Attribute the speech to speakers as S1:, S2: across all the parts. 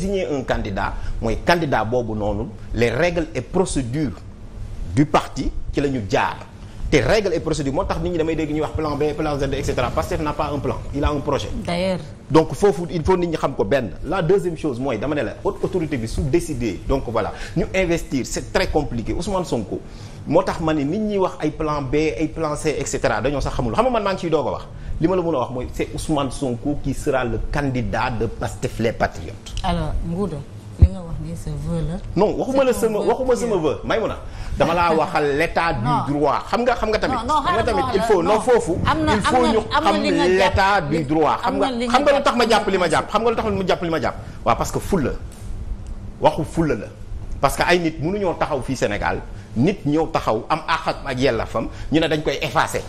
S1: désigner un candidat mooy candidat boobu noonu les règles et procédures du parti ci la ñu jaar te règle et procédure moo tax nit ñi damay dégg ñuy wax plan B plan Z et cetera Pastef n'a pas un plan il a un projet. d'ailleurs donc foofu il faut nit ñi xam ko benn la deuxième chose mooy dama ne la haute autorité bi su décider donc voilà ñu investir c'est très compliqué Ousmane Sonko moo tax ma ne nit ñi wax ay plan B ay plan C et dañoo sax xamul xam nga man maa ngi ciy doog wax li ma la mën a wax mooy c'est Ousmane Sonko qui sera le candidat de Pastef les Patriotes.
S2: alors Ngouda li nga wax nii sa vœu la. non waxuma la sama
S1: sama vœu may mun dama laa waxal letat du droit xam nga xam nga tamit xam nga tamit il faut non foofu il faut ñu xam l'état du droit xam nga xam nga lu tax ma jàpp li ma jàpp xam nga lu tax ma jàpp jàpp waaw parce que fulla waxu fulla la parce que ay nit mënuñoo taxaw fii Sénégal nit ñëw taxaw am axat ak yella fam ñu ne dañ koy effacer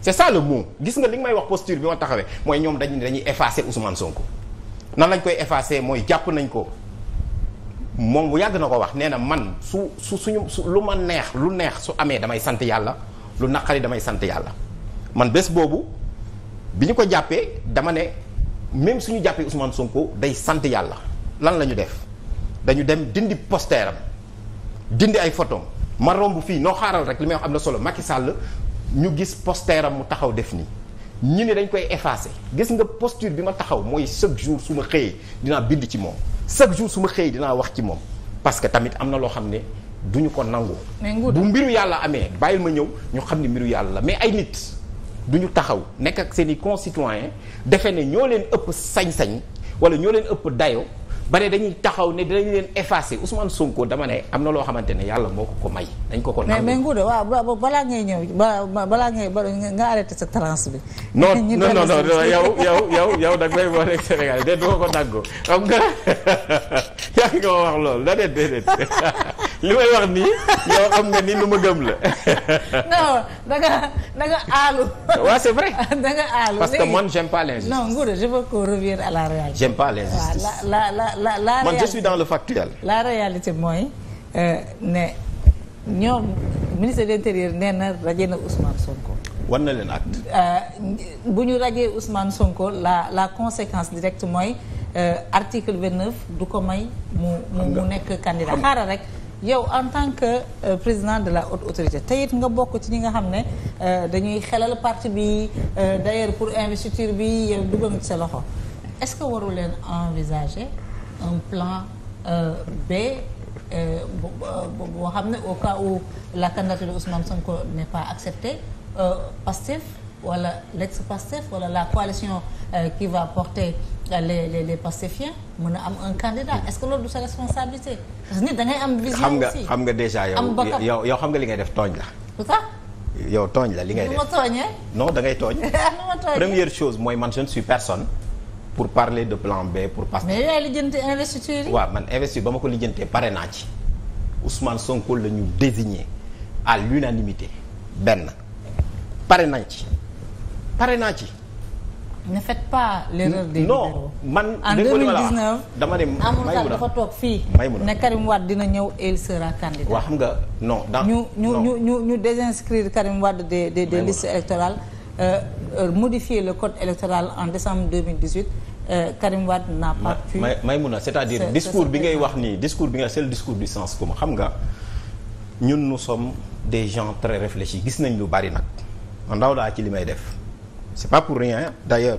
S1: c'est ça le mot gis nga li nga may wax posture bi ma taxawee mooy ñoom dañu ne dañuy effacer Ousmane Sonko nan lañ koy effacer mooy jàpp nañ ko moom bu yàgg na ko wax nee na man su su suñu su lu ma neex lu neex su amee damay sant yàlla lu naqari damay sant yàlla man bés boobu bi ñu ko jàppee dama ne même suñu jàppee Ousmane Sonko day sant yàlla lan la ñu def dañu dem dindi poster am dindi ay photom ma romb fii noo xaaral rek li may am na solo Macky sàll ñu gis poster am mu taxaw def nii ñu ne dañ koy effacer gis nga posture bi ma taxaw mooy chaque jour su ma xëyee dinaa bind ci moom chaque jour su ma xëy dinaa wax ci moom parce que tamit am na loo xam ne du ñu ko nangu bu mbiru yàlla amee bàyyil ma ñëw ñu xam ne mbiru yàlla la mais ay nit du ñu taxaw nekk ak seen i concitoyens defe ne ñoo leen ëpp sañ-sañ wala ñoo leen ëpp dayo ba dañuy taxaw ne dinañ leen effacer Ousmane Sonko dama ne am na loo xamante ne yàlla moo ko ko may. dañ ko ko nangu mais mais
S2: Ngouda waaw balaa ngay ñëw balaa ngay nga arrêté sa transe bi.
S1: non non non yow yow yow yow da ngay boole Sénégal de du ko ko nangu xam nga yaa ngi ko wax loolu da déedéet. li may wax nii yow ma gëm la.
S2: non da nga da nga aalu. waaw c'est parce que man j'aime
S1: pas l'injustice.
S2: je veux qu'on revienne à la réalité.
S1: j'aime la
S2: la la la man je suis
S1: dans le factuel.
S2: la mooy euh, ne ñoom ministre de l'intérieur nee na rajee na Ousmane Sonko.
S1: war leen acte.
S2: Euh, bu ñu rajee Ousmane Sonko la la conséquence directe mooy euh, article vingt neuf du ko may mu nekk candidat xaaral rek. yow en tant que euh, président de la haute autorité teyit nga bokk ci ñi nga xam ne euh, dañuy xelal parti bi euh, d'ailleurs pour investiture bi yow dugal nga ci sa loxo est-ce que waru leen envisager un plan euh, B euh, boo xam ne au cas où la candidature de Ousmane Sonko n'est pas acceptée euh, Pastef wala l'ex-Pastef wala la coalition qui va porter les les les pastefiens mën a am un candidat est-ce que loolu sa responsabilité. parce que nit da ngay am xam nga xam nga déjà yow
S1: yow xam nga li ngay def tooñ la. yow tooñ la li ngay def ma
S2: tooñee. da ngay tooñ. première
S1: chose mooy man je ne suis personne. pour parler de plan B pour. parce que mais yaay lijjanti investiture yi. waaw man investiture ba ma ko lijjantee pare naa ci Ousmane Sonko la ñu désigné à l'unanimité benn pare nañ ci pare naa ci.
S2: ne faites pas l'erreur des libéraux.
S1: man dégg nga li ma dama dem Amadou Sall dafa
S2: toog fii. ne Karim Wade dina ñëw et il sera candidat. xam
S1: nga no dans ñu
S2: ñu ñu ñu ñu désinscrire Karim Wade des des des listes électorales. Euh, euh, modifier le code électoral en décembre 2018 euh, Karim Wade n'a pas pu. may
S1: Maïmouna c'est-à-dire discours bi ngay wax nii discours bi nga c'est le discours du sens commun xam nga ñun nous sommes des gens très réfléchis gis nañ lu bari nag ndaw laa ci li may def. c'est pas pour rien d'ailleurs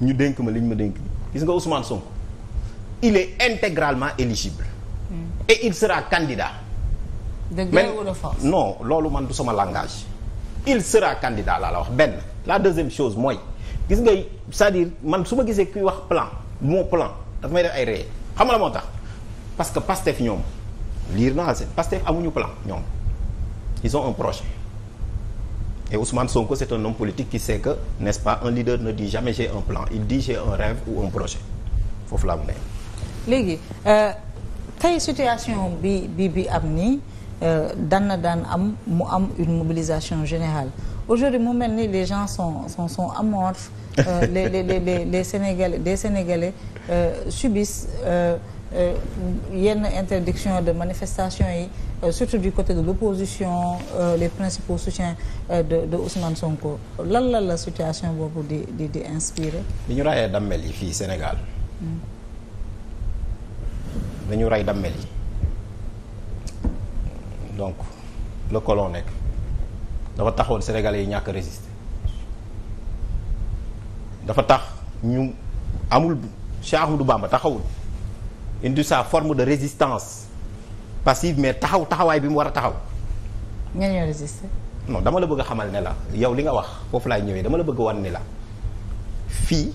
S1: ñu dénk ma li ñu ma dénk gis nga Ousmane Sonko il est intégralement éligible mm. et il sera candidat de gré de force loolu man du sama langage il sera candidat laa la wax benn la deuxième chose mooy gis nga c'est-à-dire man su ma gisee kuy wax plan mon plan dafa may def ay ree xam nga moo tax parce que Pastef ñoom liir naa seen Pastef amuñu plan ñoom ils ont un projet Et Ousmane Sonko, c'est un homme politique qui sait que, n'est-ce pas, un leader ne dit jamais j'ai un plan. Il dit j'ai un rêve ou un projet. foofu laa mu ne.
S2: léegi euh, tey situation bi bi bi am nii euh, daan dan daan am mu am une mobilisation générale aujourd'hui mu mel ni les gens son sont sont amorphes euh, les les les les Sénégalais les euh, Sénégalais Euh, yenn interdiction de manifestation yi euh, surtout du côté de l'opposition euh, les principaux soutiens de de Ousmane Sonko lan la la situation boobu di di di inspiré
S1: bi ñu rayee dammel yi fii Sénégal dañu hmm. ray dammel yi donc le nekk dafa taxoon sénégal yi ñàkk résister dafa tax ñu amul Cheikh Ahmadou Bamba taxawul indi sa forme de résistance passive mais taxaw taxawaay bi mu war a taxaw.
S2: ñan ñoo résister.
S1: non dama la bëgg a xamal ne la yow li nga wax foofu laay ñëwee dama la bëgg wan ni la fii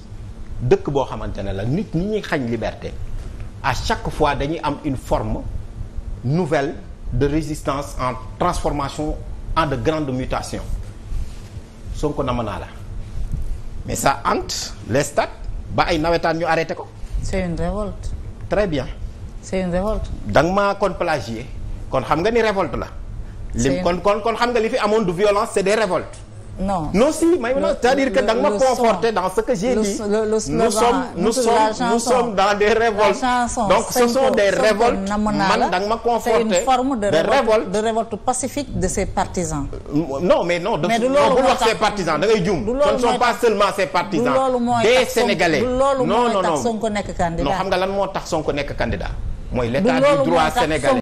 S1: dëkk boo xamante ne la nit ñi ñuy xañ liberté à chaque fois dañuy am une forme nouvelle de résistance en transformation en de grandes mutations Sonko nama naa la mais ça hante les stades ba ay nawetaan ñu arrêté ko. très bien. c'est une révolte. da nga maa kon plagier kon xam nga ni révolte la. lim kon kon kon xam nga li fi amoon du violence c'est des révoltes. non non si may ma c'est-à-dire que da nga ma conforter dans ce que j'ai dit nous sommes nous sommes nous sommes dans donc ce sont des révoltes man da ma conforter c'est une forme de révolte
S2: de révolte pacifique de ses partisans euh, non mais non de non bu wax ses partisans da ngay jum ce ne sont pas seulement ses partisans des sénégalais ko nekk non
S1: non xam nga lan moo tax son Sonko nekk candidat mooy l'état du droit sénégalais